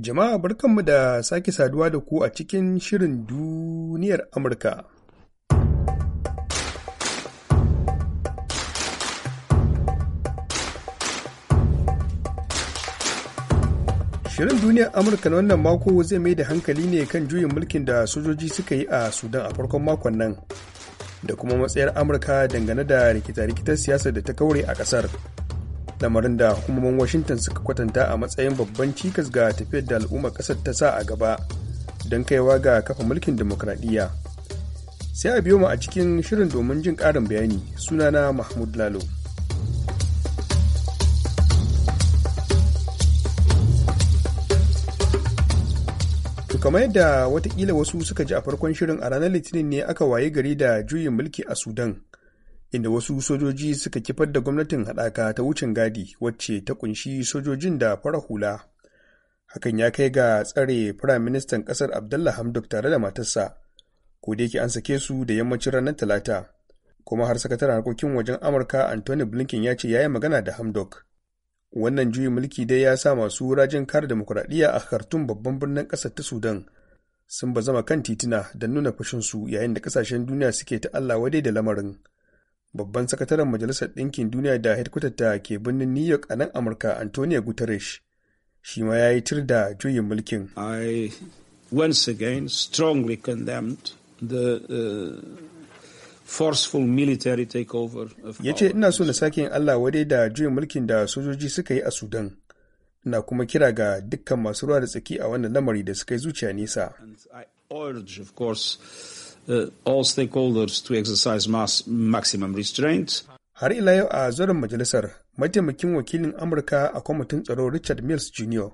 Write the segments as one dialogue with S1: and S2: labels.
S1: Jama'a barkanmu da sake saduwa da ku a cikin shirin duniyar Amurka. Shirin duniyar Amurka na wannan mako zai mai da hankali ne kan juyin mulkin da sojoji suka yi a Sudan a farkon makon nan, da kuma matsayar Amurka dangane da rikita-rikitar siyasar da ta kaure a ƙasar. lamarin da hukumomin washington suka kwatanta a matsayin babban cikas ga tafiyar da al'ummar kasar ta sa a gaba don kaiwa ga kafa mulkin demokradiyya sai a biyo mu a cikin shirin domin jin karin bayani sunana mahmud lalo kamar yadda watakila wasu suka ji a farkon shirin a ranar litinin ne aka waye gari da juyin mulki a sudan inda wasu sojoji suka kifar da gwamnatin haɗaka ta wucin gadi wacce ta kunshi sojojin da fara hula hakan ya kai ga tsare firayim ministan ƙasar abdullah hamdok tare da matarsa ko da yake an sake su da yammacin ranar talata kuma har sakataren harkokin wajen amurka anthony blinken ya ce ya yi magana da hamdok wannan juyin mulki dai ya sa masu rajin kare demokuraɗiyya a khartoum babban birnin ƙasar ta sudan sun ba zama kan tituna da nuna fushinsu yayin da ƙasashen duniya suke ta allah wadai da lamarin babban sakataren majalisar ɗinkin duniya da hedkwatarta ke birnin new york a nan amurka antonio guterres shi ma ya yi tir da juyin mulkin i once again strongly condemned the uh, forceful military takeover of ya ce ina so na sake yin allah wadai da juyin mulkin da sojoji suka yi a sudan na kuma kira ga dukkan masu ruwa da tsaki a wannan lamari da suka yi zuciya nisa And I Uh, all stakeholders to exercise mass maximum restraint. Har ila yau a zuwan majalisar, mataimakin wakilin Amurka a kwamitin tsaro Richard Mills Jr.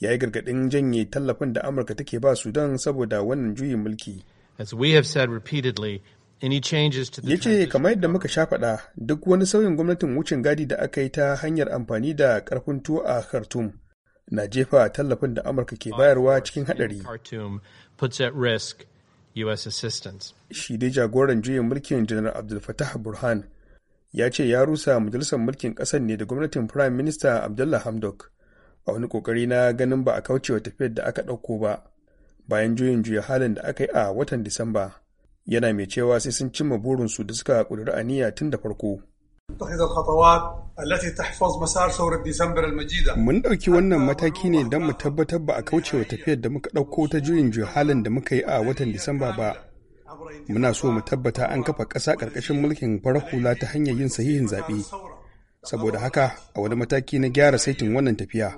S1: ya yi gargaɗin janye tallafin da Amurka take ba Sudan saboda wannan juyin mulki. As we have said repeatedly, any changes to the Ya ce kamar yadda muka sha faɗa duk wani sauyin gwamnatin wucin gadi da aka yi ta hanyar amfani da ƙarfin tuwo a Khartoum na jefa tallafin da Amurka ke bayarwa cikin haɗari. U.S. assistance. Shi dai jagoran juyin mulkin Janar Abdul Fattah Burhan ya ce ya rusa majalisar mulkin ƙasar ne da gwamnatin Prime Minister Abdullah Hamdok a wani ƙoƙari na ganin ba a kauce wa tafiyar da aka ɗauko ba bayan juyin juya halin da aka yi a watan Disamba. Yana mai cewa sai sun cimma burinsu da suka a aniya tun da farko. اتخذ الخطوات التي تحفظ مسار ديسمبر Mun ɗauki wannan mataki ne don mu tabbatar ba a kaucewa tafiyar da muka ɗauko ta juyin halin da muka yi a watan Disamba ba. Muna so mu tabbata an kafa ƙasa ƙarƙashin mulkin farar hula ta hanyar yin sahihin zaɓe. Saboda haka a wani mataki na gyara saitin wannan tafiya.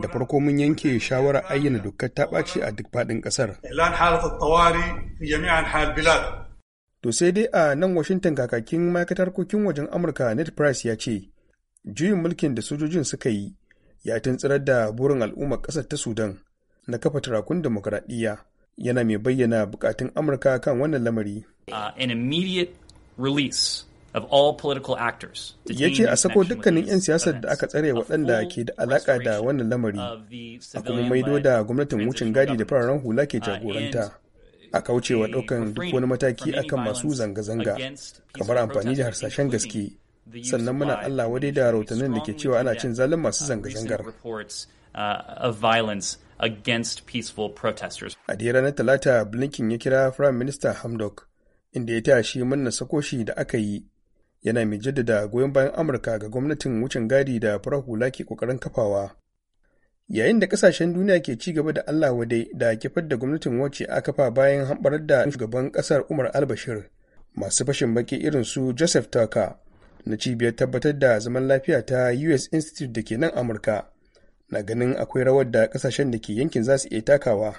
S1: Da farko mun yanke shawarar ayyana dokar ta ɓaci a duk faɗin ƙasar. Ilan halat tawari jami'an hal bilad. To sai dai a nan Washington kakakin ma'aikatar harkokin wajen Amurka Ned Price ya ce, juyin mulkin da sojojin suka yi ya tuntsirar da burin al'ummar ƙasar ta Sudan na kafa turakun demokuraɗiyya yana mai bayyana bukatun Amurka kan wannan lamari. Uh, an immediate of all political actors. Ya ce a sako dukkanin 'yan siyasar da aka tsare waɗanda ke da alaƙa da wannan lamari, a kuma maido da gwamnatin wucin gadi da fararen hula ke uh, jagoranta. a kaucewa ɗaukan duk wani mataki akan masu zanga-zanga kamar amfani da harsashen gaske sannan muna allah wadai da rahotannin da ke cewa ana cin zalin masu zanga-zangar a da ranar talata blinken ya kira prime minister hamdok inda ya taya shi manna sakoshi da aka yi yana mai jaddada goyon bayan amurka ga gwamnatin wucin gadi da farar hula ke kokarin kafawa yayin da kasashen duniya ke ci gaba da Allah wadai da kifar da gwamnatin wacce a kafa bayan hamɓarar da shugaban ƙasar Umar al masu fashin baki irin su Joseph Tucker na cibiyar tabbatar da zaman lafiya ta US Institute da ke nan Amurka na ganin akwai rawar da kasashen da ke yankin za su iya takawa.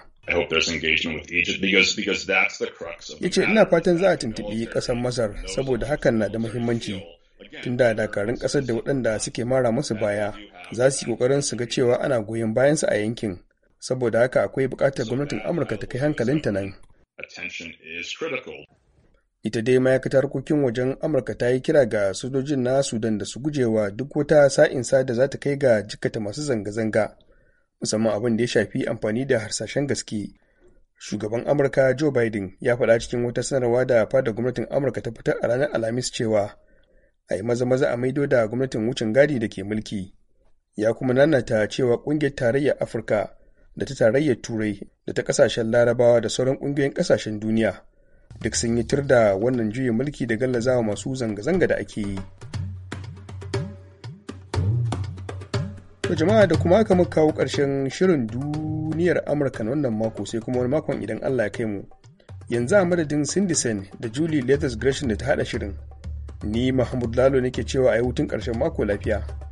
S1: yace ina fatan za a tuntuɓi ƙasar Masar saboda hakan na da muhimmanci tunda dakarun ƙasar da waɗanda suke mara masu baya za su yi kokarin su ga cewa ana goyon bayan su a yankin saboda haka akwai buƙatar gwamnatin amurka ta kai hankalin ta nan ita dai ma'aikatar harkokin wajen amurka ta yi kira ga sojojin na sudan da su gujewa duk wata sa'insa da za ta kai ga jikata masu zanga-zanga musamman abin da ya shafi amfani da harsashen gaske shugaban amurka joe biden ya faɗa cikin wata sanarwa da fada gwamnatin amurka ta fitar a ranar alhamis cewa a yi maza-maza a maido da gwamnatin wucin gadi da ke mulki ya kuma nanata cewa ƙungiyar tarayyar afirka da ta tarayyar turai da ta ƙasashen larabawa da sauran ƙungiyoyin ƙasashen duniya duk sun yi tur da wannan juyin mulki da gallazawa masu zanga-zanga da ake yi to jama'a da kuma aka kawo ƙarshen shirin duniyar amurka na wannan mako sai kuma wani makon idan allah ya kai mu yanzu a madadin sindisen da julie leathers gresham da ta hada shirin ni mahmud lalo nake cewa a yi hutun karshen mako lafiya